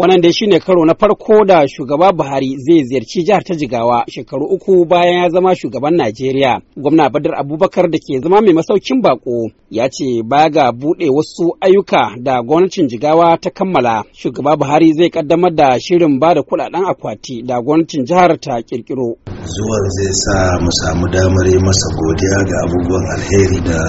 Wannan dai shine karo na farko da shugaba Buhari zai ziyarci jihar ta Jigawa shekaru uku bayan ya zama shugaban Najeriya. Gwamna Badar Abubakar da ke zama mai masaukin bako ya ce baya ga buɗe wasu ayyuka da gwamnatin Jigawa ta kammala. Shugaba Buhari zai kaddamar da shirin ba da kuɗaɗen akwati da gwamnatin jihar ta kirkiro. Zuwan zai sa mu samu damar yi masa godiya ga abubuwan alheri da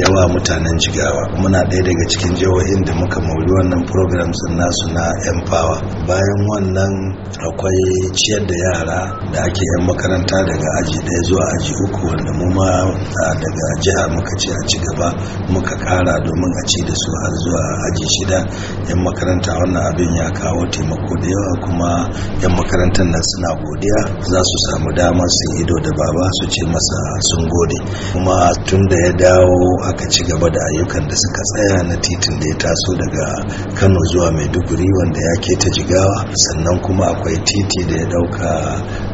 yawa mutanen Jigawa. Muna ɗaya daga cikin jihohin da muka mauri wannan program sun nasu na karfafawa bayan wannan akwai ciyar da yara da ake yan makaranta daga aji ɗaya zuwa aji uku wanda mu ma daga jihar muka ce a ci gaba muka kara domin a ci da su har zuwa aji shida yan makaranta wannan abin ya kawo taimako da yawa kuma yan makarantar nan suna godiya za su samu dama su ido da baba su ce masa sun gode kuma tun da ya dawo aka ci gaba da ayyukan da suka tsaya na titin da ya taso daga kano zuwa maiduguri wanda ya ke ta jigawa sannan kuma akwai titi da ya dauka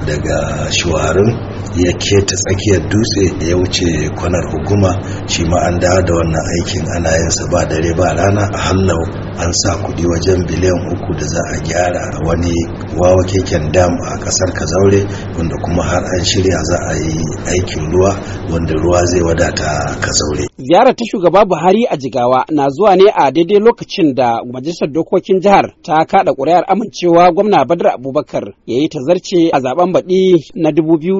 daga shuwarin ya keta tsakiyar dutse ya wuce kwanar hukuma shi ma an dawo da wannan aikin ana yin sa ba dare ba rana a hannu an sa kudi wajen biliyan uku da za a gyara a wani wawa keken dam a kasar kazaure wanda kuma har an shirya za a yi aikin ruwa wanda ruwa zai wadata kazaure ziyarar ta shugaba buhari a jigawa na zuwa ne a daidai lokacin da majalisar dokokin jihar ta kada ƙuri'ar amincewa gwamna badar abubakar ya yi tazarce a zaben baɗi na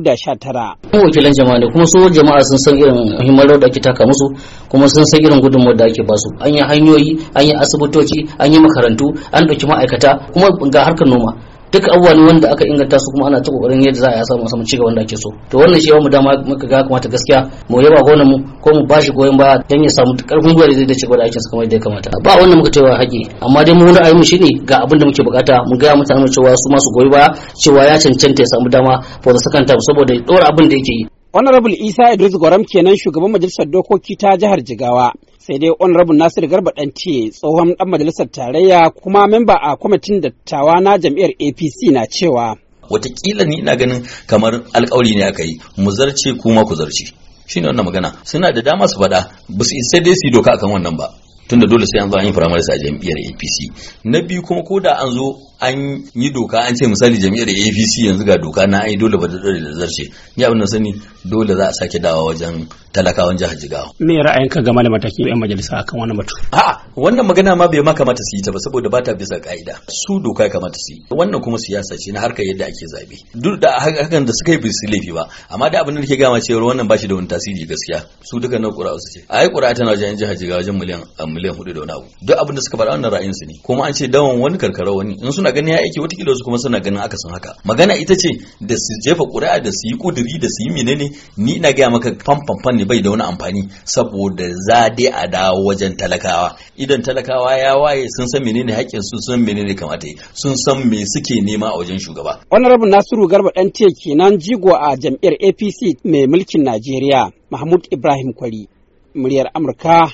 da sha 2019 wakilan jama'a ne kuma su jama'a sun san irin muhimmar da ake taka musu kuma sun san irin gudunmawar da ake su, an yi hanyoyi an yi asibitoci an yi makarantu an ɗauki ma'aikata kuma ga harkar noma duk abubuwa ne wanda aka inganta su kuma ana ta kokarin yadda za a samu samu ci gaban da ake so to wannan shi mu dama muka ga kamata gaskiya mu yaba gona mu ko mu bashi goyon baya dan ya samu karfin gwiwa da zai dace da aikin sa kamar yadda ya kamata ba wannan muka cewa haƙi amma dai mu wani ayyuka shine ga abin da muke bukata mu ga mutane mu cewa su masu goyi baya cewa ya cancanta ya samu dama for the second time saboda dora abin da yake yi honorable isa idris goram kenan shugaban majalisar dokoki ta jihar jigawa sai dai honorable nasir garba ce tsohon dan majalisar tarayya kuma memba a kwamitin dattawa na jam'iyyar apc na cewa watakila ni ina ganin kamar alkawari ne aka yi mu zarce kuma ku zarce shine wannan magana suna da dama su faɗa ba su isa dai su doka akan wannan ba tunda dole sai an zo an yi firamare sa jam'iyyar apc na biyu kuma ko da an zo an yi doka an ce misali jami'ar apc yanzu ga doka na ai dole ba da dole da zarce ni abin da sani dole za a sake dawa wajen talakawan jihar jigawa me ka game da matakin yan majalisa akan wannan batu a wannan magana ma bai ma kamata su yi ta ba saboda ba ta bisa ka'ida su doka ya kamata su yi wannan kuma siyasa ce na harkar yadda ake zabe duk da hakan da suka yi bisu laifi ba amma da abin da nake gama cewa wannan ba shi da wani tasiri gaskiya su duka na ƙura'a su ce a yi ƙura'a tana wajen jihar jigawa wajen miliyan miliyan hudu da wani abu duk abin da suka faɗa wannan ra'ayin su ne kuma an ce dawon wani karkara wani in suna suna ganin ya aiki wata su kuma suna ganin akasin haka magana ita ce da su jefa ƙuri'a da su yi ƙuduri da su yi menene ni na gaya maka fanfanfan ne bai da wani amfani saboda za dai a dawo wajen talakawa idan talakawa ya waye sun san menene haƙƙin su sun menene kamata sun san me suke nema a wajen shugaba Wani rabin nasiru garba ɗan tiya kenan jigo a jam'iyyar apc mai mulkin najeriya mahmud ibrahim kwari muryar amurka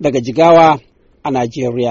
daga jigawa a najeriya